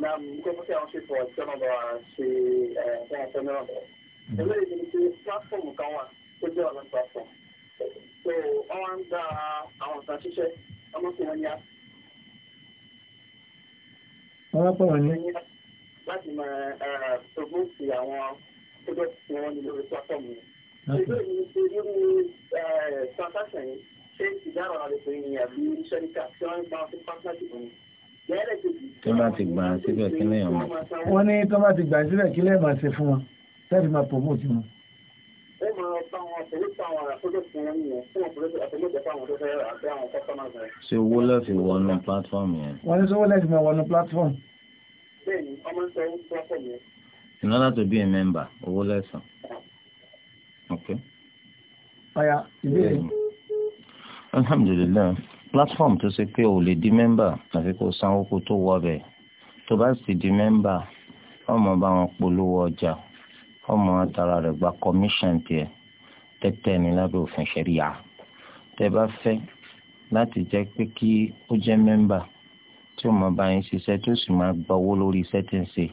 Máa mú kí ó fẹ́ àwọn ṣètò àti ọmọ bá ṣe ẹ̀ẹ́dẹ́ àti ọmọ náà. Eléyìí ni pé platform kan wà tó jẹ́ ọ̀nà platform. So, wọ́n ń gba àwọn kan ṣiṣẹ́, ọmọ sí wọn ní wọ́n wá pọ̀ wọ́n ní. láti máa ṣògbóǹsì eh, àwọn tó bẹ́ẹ̀ tí wọ́n nílò orí platform yìí. ṣé ní ṣe irú eh, transaction yìí ṣé ìdára rẹ̀ pé ní àbí iṣẹ́ níta tí wọ́n ń gbà fún partnership ni. tó bá ti gbà síbẹ̀ kí lè yàn wọ́n. wọ́n ní tó bá ti gbà síbẹ̀ kí lè máa ṣe fún wọn láti máa promote wọn ó máa bá wọn ṣòwò fún àwọn àkójọ fún wọn nìyẹn fún òpin àtẹlẹjẹ fún àwọn tó àti àwọn kọ́sọ́mà rẹ̀. ṣé owó lẹ́fì wọnú platform yẹn. wọ́n ní sọ́wọ́ lẹ́fì máa wọnú platform. bẹ́ẹ̀ni ọmọ ń sọ owó platform yẹn. iná láti bí i mẹ́mbà owó lẹ́sàn. ok. ọ̀ya ìbéèrè. alhamdulilayi platform tó ṣe pé o lè di mẹ́mbà àfi kó sanwó kó tó wọ bẹ́ẹ̀ tó bá sì di mẹ́mbà ọmọ bá wọn polówó ọjà ọmọ atara rẹ̀ gba commission tiẹ̀ tẹ́tẹ́ ni lábẹ́ òfin ṣẹ̀ríya tẹ́ bá fẹ́ láti jẹ́ pé kí ó jẹ́ mẹ́mbà tí ó máa bá yín ṣiṣẹ́ tí ó sì máa gbowó lórí iṣẹ́ tí ń ṣe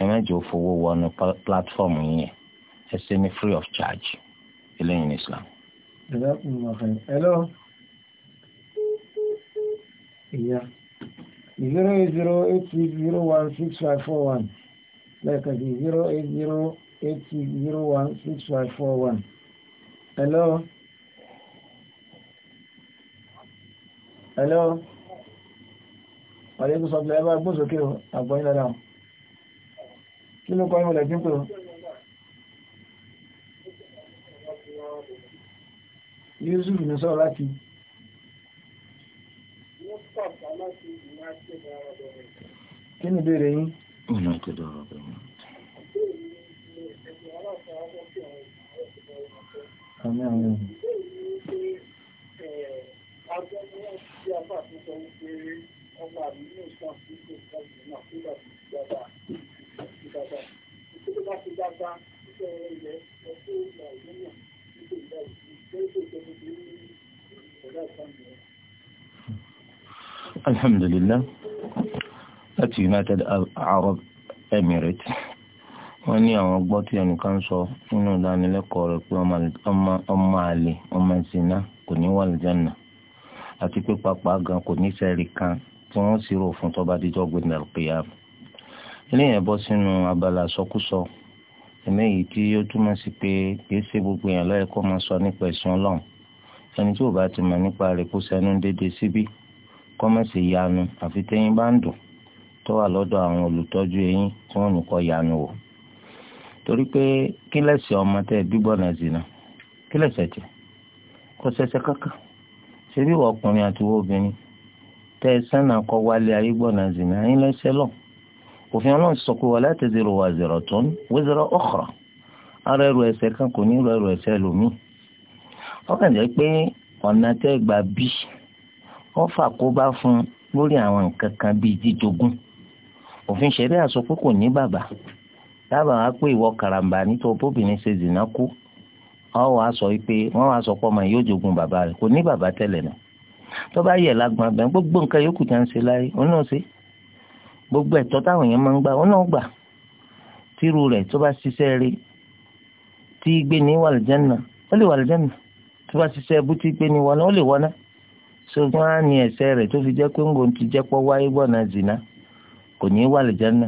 ẹ má jẹ́ wọnú platform yín yẹn ẹ ṣe ní free of charge eléyìí ní Islam. hello. ìyá zero eight six zero one six five four one lẹ́ẹ̀kan sí zero eight zero eight six zero one six five four one. hello. hello. ọ̀rẹ́ ìgbésọ̀ ọ̀gbìn ẹ bá gbósòkè o àgbọ̀yìn dáadáa o kí ló kọ́ ẹ́ mọ̀lẹ́ dínkù o. Yusuf ní sọ̀rọ̀ láti. Kí ni ìbéèrè yín? ọ̀nà ìkọ̀dọ̀ ọ̀bẹ wọn. àmì àmì àmì. ọjọ́ ní wọ́n ti àbá tó sọ wípé ọba mi ní ìsàn sí kò sọ ìlú náà tó ti dàgbà ti dàgbà tó bá ti dàgbà tó sọ ilẹ̀ ọ̀tún ìgbà ìlú náà tó ìgbà ìlú tó ìgbà ìlú ọ̀dà ìsàn mìíràn. alhamdulillah láti United Arab Emirates wọ́n ní àwọn gbọ́ tí ẹnìkan sọ nínú ìdánilẹ́kọ̀ọ́ rẹ̀ pé ọmọ àlè ọmọ ìsìnà kò ní wà lìjánà àti pé pàápàá gan kò ní sẹ́ẹ̀rì kan tí wọ́n sì rò fún tọ́ba díjọ́ gbẹ̀dẹ̀ pèyà. eléyìí bọ́ sínú abala sọkúsọ eléyìí tí ó túmọ̀ sí pé kì í ṣe gbogbo èèyàn lọ́yẹ̀ kó máa sọ nípa ẹ̀sìn ọlọ́run ẹni tí ò bá ti mọ̀ nípa rẹ̀ kó sẹ́nu déédéé síbí kọ́mẹ̀sì yanu àfi tẹ́yìn bá ń dùn tó wà lọ́dọ̀ àwọn olùtọ́jú eyín tí wọ́n nìkan yanu wò torí pé kí lẹ́sẹ̀ ọmọ tẹ bíbọ̀nà zina kí lẹ́sẹ̀ tẹ kó sẹsẹ kankan ṣé bí wọ́n ọkùnrin àti wọ́n obìnrin tẹ sẹ́nà kọ́ wálé ayé gbọ̀nà zina yín lẹ́sẹ̀ lọ òfin ọlọ́run sọ pé wala taziru waziratun wizra ukhra ara ẹrù ẹ̀ṣẹ̀ kan kò ní ẹrù ẹ̀ṣẹ̀ lómi ọkàn jẹ́ pé ọ̀nà tẹ́ gbà bí wọ́n fà kó bá fún lórí àwọn nǹkan kan bíi jíjogún òfin ṣẹlẹ̀ àsọ pé kò ní bàbá dábàá wá pé ìwọ karambà nítorí bóbìnrin ṣe zìnà kú wọn wàá sọ pé wọn wàá sọ pé ọmọ yóò jogun bàbá rẹ̀ kò ní bàbá tẹ́lẹ̀ náà tó bá yẹ lágbọn abẹ gbogbo nǹkan yòókù tá à ń ṣe láyé òun náà ṣe gbogbo ẹ̀tọ́ táwọn èèyàn máa ń gbà òun náà gbà tírú rẹ̀ tó bá ṣiṣẹ́ rí tí gbé ní wàlìjánà ó lè wàlìjánà tó bá ṣiṣẹ́ bú tí gbé ní wọná ó lè wọná ṣùgbọ́n á ní ẹ̀ṣẹ̀ rẹ̀ tó fi jẹ́ pé ń gbòǹtì jẹ́pọ̀ wáyé gbọ́nà zìnà kò ní í wà lè jẹ́nà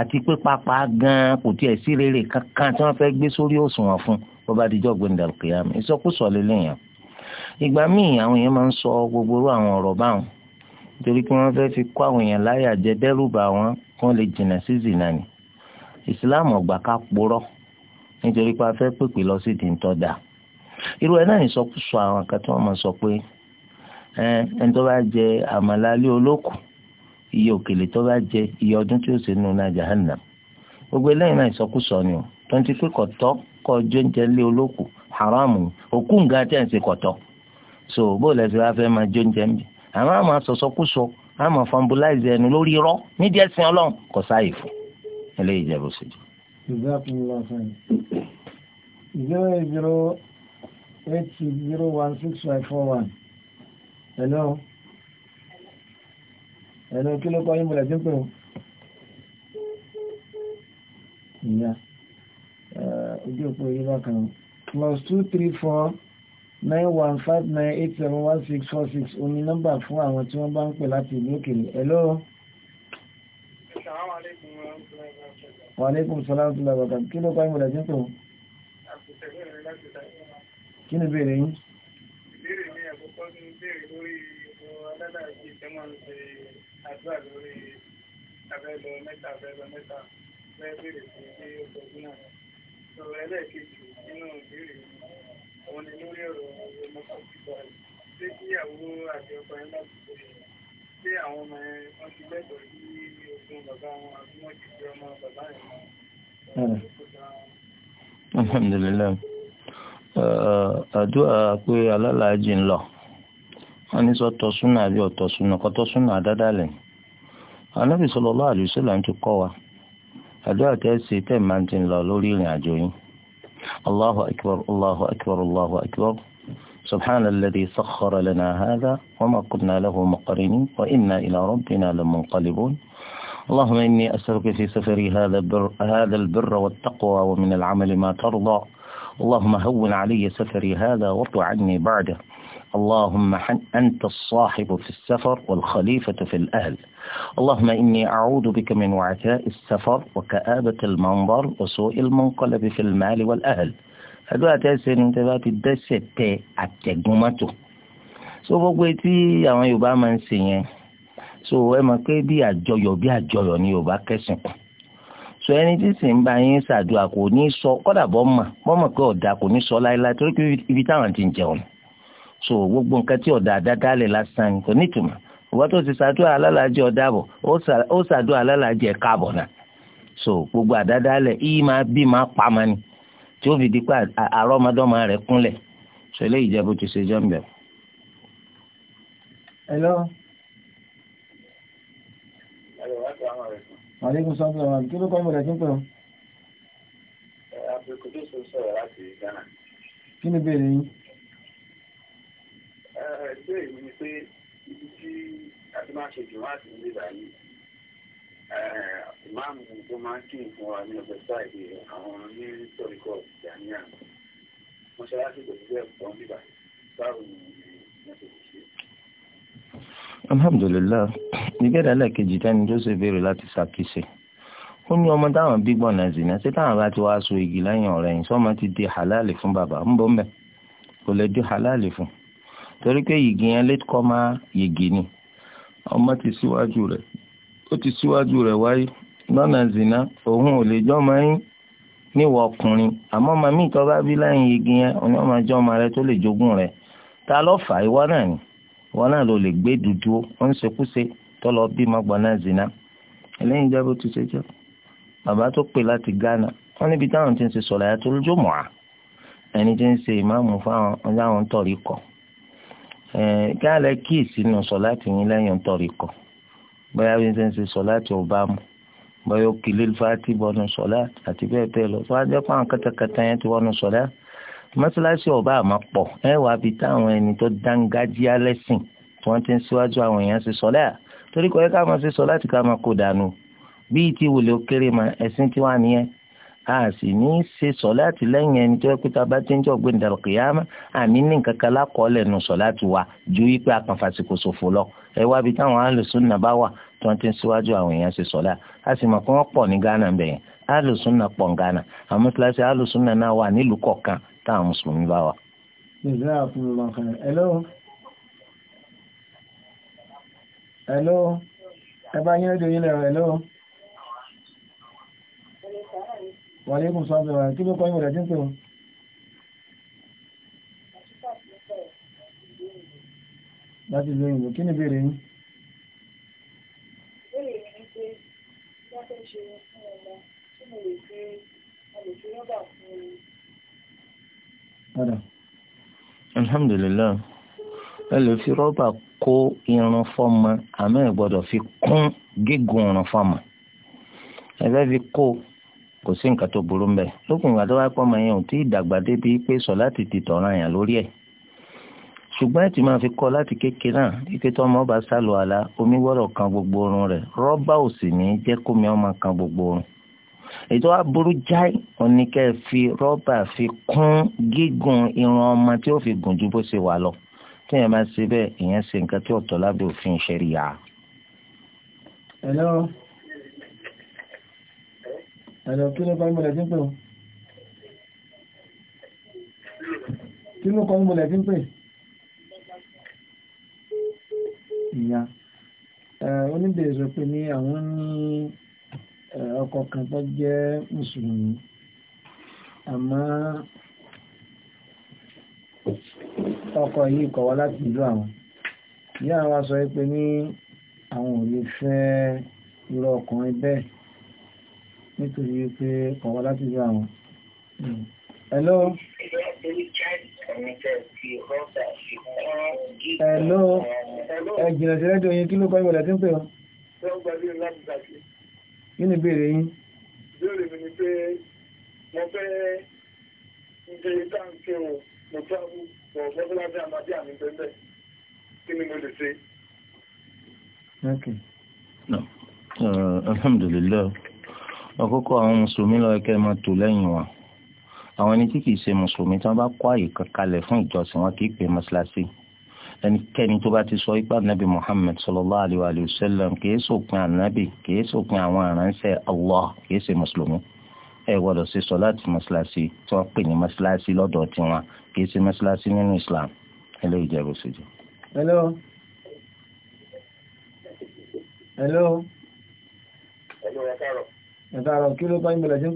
àti pé pápá gan kò tiẹ̀ sí rere kankan tí wọ́n fẹ́ gbé sórí òṣùwọ̀n fún bó bá dijọ́ gbẹ̀ndàlù kìyàmù ìsọkúsọ lélẹ́yìn ìgbà míì àwọn èèyàn máa ń sọ gbogbo orú àwọn ọ̀rọ̀ báwọn torí pé wọ́n fẹ́ fi kó àwọn èèyàn láyà jẹ dẹ́rùbà wọn kí wọ́n lè jìnnà sí zìnà ni ìsìláàmù ọ̀gbà ká purọ́ nítorí pé a fẹ́ pèpè lọ sí ti irú ẹ náà ní àwọn kan tí wọ́n máa sọ pé ẹ ẹni tó bá jẹ àmàlálé olókùn iye òkèlè tó bá jẹ iye ọdún tí ó sì nù náà jahannam gbogbo eléyìí náà ìsọkúsọ ni o tó ń ti pé kọ̀tọ́ kọ jóúnjẹ lé olóku haramu òkú nǹkan tẹ̀ ń ṣe kọ̀tọ́ so bó lẹ́sìn wá fẹ́ máa jóúnjẹ ń bì àmọ́ àmọ́ àsọsọkúsọ àmọ́ fambuláìsì ẹnu lórí irọ́ nídìí ẹ̀sìn ọlọ́run kò sáàyè fún eléyìí jẹ́ bó ṣe jù. zero eight zero eight six zero one six five four one hello ẹ̀nà kí ló kọ́ yí múlẹ̀ tí ń pè ó ìyá ojú òpó yí bákan plus two three four nine one five nine eight seven one six four six omi nọ́mbà fún àwọn tí wọ́n bá ń pè láti ìlú òkèèrè hello. wa alaikum salaam tó lọ́wọ́ kan kí ló kọ́ yí múlẹ̀ ni ìbéèrè yín. ìbéèrè mi àkọ́kọ́ ni ìbéèrè lórí lẹ́lẹ̀ yìí ṣe máa ń ṣe àdúrà lórí abẹ́lọ mẹ́ta abẹ́lọ mẹ́ta bẹ́ẹ̀ bèrè fún bí ọgbọ̀n náà sọ ẹlẹ́ẹ̀kejì nínú ìbéèrè òun ni lórí ọ̀rọ̀ ọmọkọ̀ọ́kọ̀ ṣé kíyàwó àti ọkọ yẹn bá ti ṣe ṣé àwọn ọmọ yẹn wọ́n ti lẹ́tọ̀ọ́ sí ogún bàbá wọn àbí wọ́n ti fi ọmọ bàbá yẹn hmm. alhamdulilayi uh, àdúrà pé alálàájì ń lọ ani ní sọ tọ́ súnà àbí ọ̀tọ̀ súnà kọ́tọ́ súnà àdáda lẹ̀ anábì sallallahu alaihi wasallam ti kọ́ wa àdúrà tẹ́sí tẹ́ máa ti ń lọ lórí ìrìn àjò yín allahu akbar allahu akbar allahu akbar subhana alladhi sakhkhara lana hadha wa ma kunna lahu muqrinin wa inna ila rabbina lamunqalibun اللهم إني أسألك في سفري هذا البر, هذا البر والتقوى ومن العمل ما ترضى اللهم هون علي سفري هذا وارض عني بعده اللهم أنت الصاحب في السفر والخليفة في الأهل اللهم إني أعوذ بك من وعثاء السفر وكآبة المنظر وسوء المنقلب في المال والأهل àdúrà tẹ́sẹ̀ ní tẹ́ bá ti dẹ́sẹ̀ tẹ àtẹ̀gùn mọ́tò so gbogbo etí àwọn yorùbá máa ń ṣe yẹn so ẹ mọ̀ pé bí àjọyọ̀ bí àjọyọ̀ ni yorùbá kẹsìn kù so ẹni tí sì ń bá yín ṣàdúrà kò ní sọ kọ́dà bọ́ mọ̀ bọ́ mọ̀ pé ọ̀dà kò ní sọ láéláé torí pé ibi táwọn ti ń jẹun so gbogbo nǹkan tí ọ̀dà àdádálẹ̀ lásán kò nítumọ̀ ìwọ́n tó ti ṣàdúrà alálàájì ọ̀dàbọ̀ ó ṣàdúrà alálàájì ẹ̀ka àbọ̀ náà so gbogbo àdádálẹ̀ yìí máa bí máa pa máa ni tí ó fi di pé àrọ́mọdọ́mọ rẹ̀ kúnlẹ̀ so eléyìí jẹ́ bó ti ṣe jọ́ mbẹ́. hello. maaleykum salaam wa kí ló kọ́ mọ̀ rẹ̀ kí n pè ọ́. ẹ̀ àpèkùdé sọ sọ̀rọ̀ láti Ghana. kí ni bẹ́ẹ̀ ni ẹgbẹ́ yìí ni pé ibi tí àti máa ṣe jù láti ní ìbàyí ìmáàmù tó máa ń kí nǹkan wa ní ọjọ́ sáìdì àwọn ní tọ́ríkọ̀ ìdáníyà mọ́ṣáláṣí kò sí bẹ́ẹ̀ pọ̀ níbà báwo ni wọ́n ti ṣe. alhamdulilayi nígbàdà lẹ́ẹ̀kejì tẹ́ni tó ṣe béèrè láti ṣàkíṣe ó ní ọmọ táwọn bí gbọ̀nà zìnà ṣé táwọn bá ti wá so igi lẹ́yìn ọ̀rẹ́ yìí sọ́mọ ti di halali fún bàbá ń bọ́ mẹ́ kò lè di halali fún un torí pé yìgì yẹn late comma yìgì ni ọmọ ti síwájú rẹ̀ ó ti síwájú rẹ̀ wáyé lọ́nà zina òun ò lè jọ́ máa ń níwọ̀ ọkùnrin àmọ́ màmí ìtọ́ bá bí lẹ́yìn yìgì yẹn òun ọmọ ẹjọ́ ọmọ rẹ tó lè jogún rẹ̀ ta ló fà ìwọ náà ni ìwọ náà ló lè gbé dúdú ó ń ṣekúṣe tó lọ bí mọ́gbọ́n náà zina ẹlẹ́yìn jábọ̀ tó ṣe jẹ́ bàbá tó pè láti Ghana wọ́n níbi táwọn ti ń ṣe sọ̀rọ̀ àyàtọ̀ lójúmọ́ à ẹni tí ń ṣe ìmáàmù fáwọn ọjà àwọn tọ̀rí kọ̀ kí á lẹ kíì sínú sọláàtì yín lẹ́yìn tọ̀rí kọ bóyá bí n ṣe ń ṣe sọláàtì ò bá mu bóyá ó kí lil fati bọ́nu sọláàtì àti bẹ́ẹ̀ bẹ́ẹ̀ lọ tó wá jẹ́ pé àwọn kẹtẹkẹtẹ yẹn ti wọ́nu sọláàtì mọ́ṣáláṣí ọba àmọ́ pọ̀ ẹ wà á bi táwọn ẹni tó dángájíá lẹ́sìn tí wọ́n ti ń síwájú àwọn èèyàn ṣe sọláà torí kọ́ ẹ ká máa ṣe sọláàtì ká máa kó dànù bíi ti wòlé ó kéré ma ẹ̀sìn tiwa nìyẹn a sì ní í ṣe sọ̀láàtì lẹ́yìn ẹni tó yẹ pé tábà tí ń jọ gbé ìdàrọ̀ kìyàmá àní ní nǹkan kan lákọọ́lẹ̀ nù sọ̀láàtì wa ju wípé akànfàsìkò ṣòfò lọ ẹ wá bí táwọn alùsùnà bá wà tí wọ́n ti ń síwájú àwọn èèyàn ṣe sọ̀lá a sì mọ̀ pé wọ́n pọ̀ ní Ghana bẹ̀yẹn alùsùnà pọ̀ ní Ghana àmọ́ kíláàsì alùsùnà náà wà nílùú kọ̀ọ̀kan táwọn mùsùlùmí bá wà. Hello. Hello. wàlẹ́ ìmọ̀ sọ́bẹ̀ wà kí ló kọ́ ìwọ̀n ẹ̀jẹ̀ ń pè wọ́n. láti lo ìwò alhamdulillah ẹ lè fi rọ́bà kó irun fọ́mọ àmọ́ ẹ gbọ́dọ̀ fi kún gígùn irun fọ́mọ ẹ fẹ́ fi kó kò sí nǹkan tó burú mbẹ lókùn ìgbà tó wá pọ́ ọmọ yẹn ò tí ì dàgbà débi pé sọ̀lá ti ti tọ̀ràn yàn lórí ẹ̀ ṣùgbọ́n ẹ ti máa fi kọ́ láti kékeré náà ike tó ọmọ bá sálọ àlá omi wọ́rọ̀ kan gbogbo orun rẹ̀ rọ́bà ò sì ní jẹ́ kómi ọmọ kan gbogbo orun ètò aburú jáì oníkẹ́ fi rọ́bà fi kún gígùn irun ọmọ tí ó fi gùn ju bó ṣe wà lọ tí èèyàn ṣe bẹ́ẹ̀ èèyàn ṣe nǹkan tí ọ̀tọ̀ lábẹ́ òfin ṣẹ̀ríyà. hello ẹ̀rọ kí ló kọ́ ìmọ̀lẹ̀ tí ń pè ó kí ló kọ́ ìmọ̀lẹ̀ tí ń pè ìyá oníbèrè sọ pé ní àwọn ní ọkọ kan tó jẹ́ mùsùlùmí àmọ́ ọkọ yìí kọ̀ wá láti ìlú àwọn ìyá wa sọ pé ní àwọn ò lè fẹ́ irú ọkùnrin bẹ́ẹ̀ nítorí wípé ọ̀wọ́ láti rí àwọn. Hmm. Hello. Hello. Ẹ̀jìnà sí rẹ́díò yín kí ló kọ́ ìwọ̀lẹ̀ tí ń pè ọ́? Kí ni ìbéèrè yín? Ìbéèrè mi ni pé mo fẹ́ ṣe táǹkì o, mo tábù, mo fẹ́ fẹ́ láti àmàdí àmì pẹ́pẹ́. Kí ni mo lè ṣe? Okay. No. Uh, alhamdulillah àkókò àwọn mùsùlùmí lọ́wọ́ kẹ́ máa tò lẹ́yìn wọn àwọn ẹni tí kìí ṣe mùsùlùmí tí wọ́n bá kọ́ àyè kankalẹ̀ fún ìjọsìn wọn kìí pè mọ́ṣáláṣí ẹnikẹ́ni tó bá ti sọ ipá nabi Muhammad sallallahu alayhi wa sallam kìí sòpin ànábì kìí sòpin àwọn aránṣẹ́ Allah kìí ṣe mùsùlùmí ẹ gbọ́dọ̀ ṣe sọ láti mọ́ṣáláṣí tí wọ́n pè ní mọ́ṣáláṣí lọ́dọ̀ tiwọn kìí ṣe mọ́ṣáláṣí nínú Islam eléyìí jẹ́ bó ṣe jẹ́. hello hello. hello ẹ̀ka àrọ̀ kí ló bá ń bẹ̀rẹ̀ sí ń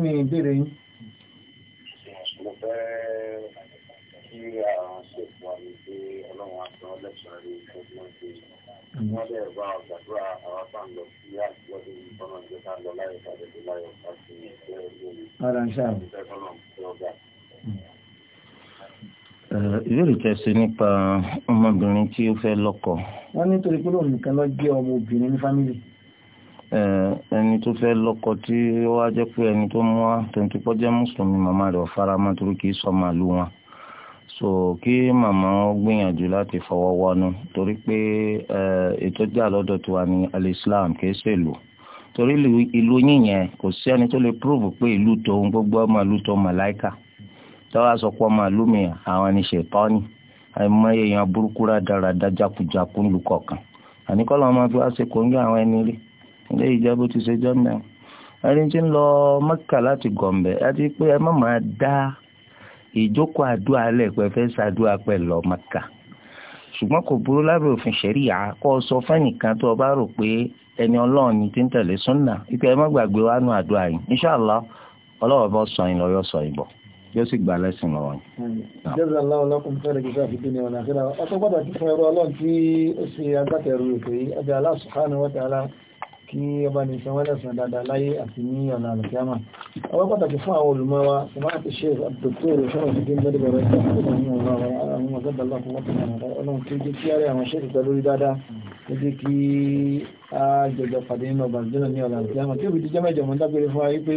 pè ìbéèrè yín. nípa ọmọbìnrin tí ó fẹ́ lọ́kọ wọ́n nítorí pé lóun nìkan lọ jẹ́ ọmọ obìnrin ní fámìlì. ẹni tó fẹ́ lọ́kọ tí ó wá jẹ́ pé ẹni tó mú wa tó ń jẹ́ mùsùlùmí màmá rẹ̀ fara mọ́ torí kì í sọ màálù wọn so kí màmá gbìyànjú láti fọwọ́ wọnú torí pé ètò jà lọ́dọ̀ tiwa ní alislam kì í ṣèlú torí ìlú yìnyẹn kò sí ẹni tó lè prove pé ìlú tòun gbogbo ọmọ ìlú tó màláìkà tọ́wọ́ àsọpọ̀ màálù mi àwọn ẹni ṣètọ́ ni àìmọye èèyàn burúkú rádaràda jákujàku ńlu kọ̀ọ̀kan àníkọ́lọ́ máa fi wá ṣe kòńgẹ́ àwọn ẹni rí ilé ìjẹ́ bó ti ṣe jẹ́ mẹ́rin ẹni tí ń lọ Mẹ́kà láti gọ̀m̀bẹ̀ àti pé ẹ má máa dá ìjókòó àdúrà lẹ̀ pé fẹ́ ṣàdúrà pẹ̀ lọ Mẹ́kà ṣùgbọ́n kò burú lábẹ́ òfin ṣẹ̀ríyà kó o sọ fẹ́nìkan tó o bá rò pé ẹni ọlọ́run ni tí ń tẹ̀lé súnà ìpè ẹ má gbàgbé wánú àdúrà yìí inṣàlá ọlọ́wọ́ bọ́ sọ yín yóò sì gbà lẹ́sìn lọ́wọ́ yìí. jẹ́sà aláwọ̀ lọ́kùnrin fẹ́rẹ̀ gíga fìdí ni ọ̀nà àfihàn ọ̀tọ́ pàtàkì fún ẹrọ ọlọ́run tí ó ṣe agbátẹrù ètò yìí ọjà Allah subhanahu wa ta'ala kí ọba ní ìsan wẹ́lẹ̀ sàn dáadáa láyé àti ní ọ̀nà àlùkíyàmà ọba pàtàkì fún àwọn olùmọ̀ wa sọmọ́nà ti ṣe àdòtò rẹ̀ sọ́nà ti dín lọ́dẹ̀ bẹ̀rẹ̀ sí àwọn ọmọ ọmọ àwọn ọmọ ọ̀gá dàlá fún wọn ọlọ́run tó jẹ́ kí ààrẹ àwọn ṣẹ́ẹ̀kì pẹ̀lú dáadáa tó jẹ́ kí a jọjọ pàdé nínú ọba ìjọba ní ọ̀nà àlùkíyàmà tí ó fi di jẹ́mẹ́jọ mọ́ dágbére fún wa wípé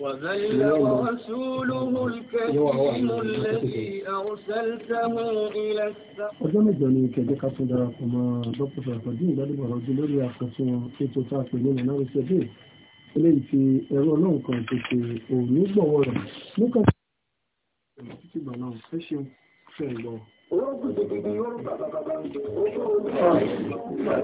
وبلغ رسوله الكريم الذي أرسلته إلى ọjọ́ mẹ́jọ ni kẹ̀kẹ́ ká tún darapọ̀ mọ́ dókítà àpàdé ìdádìbọ̀rọ̀ ojú lórí àkọsùn ètò tá a pè ní ìnáwó ìṣẹ́dé ẹ̀rọ ọlọ́run kan tètè òní gbọ̀wọ́ rẹ̀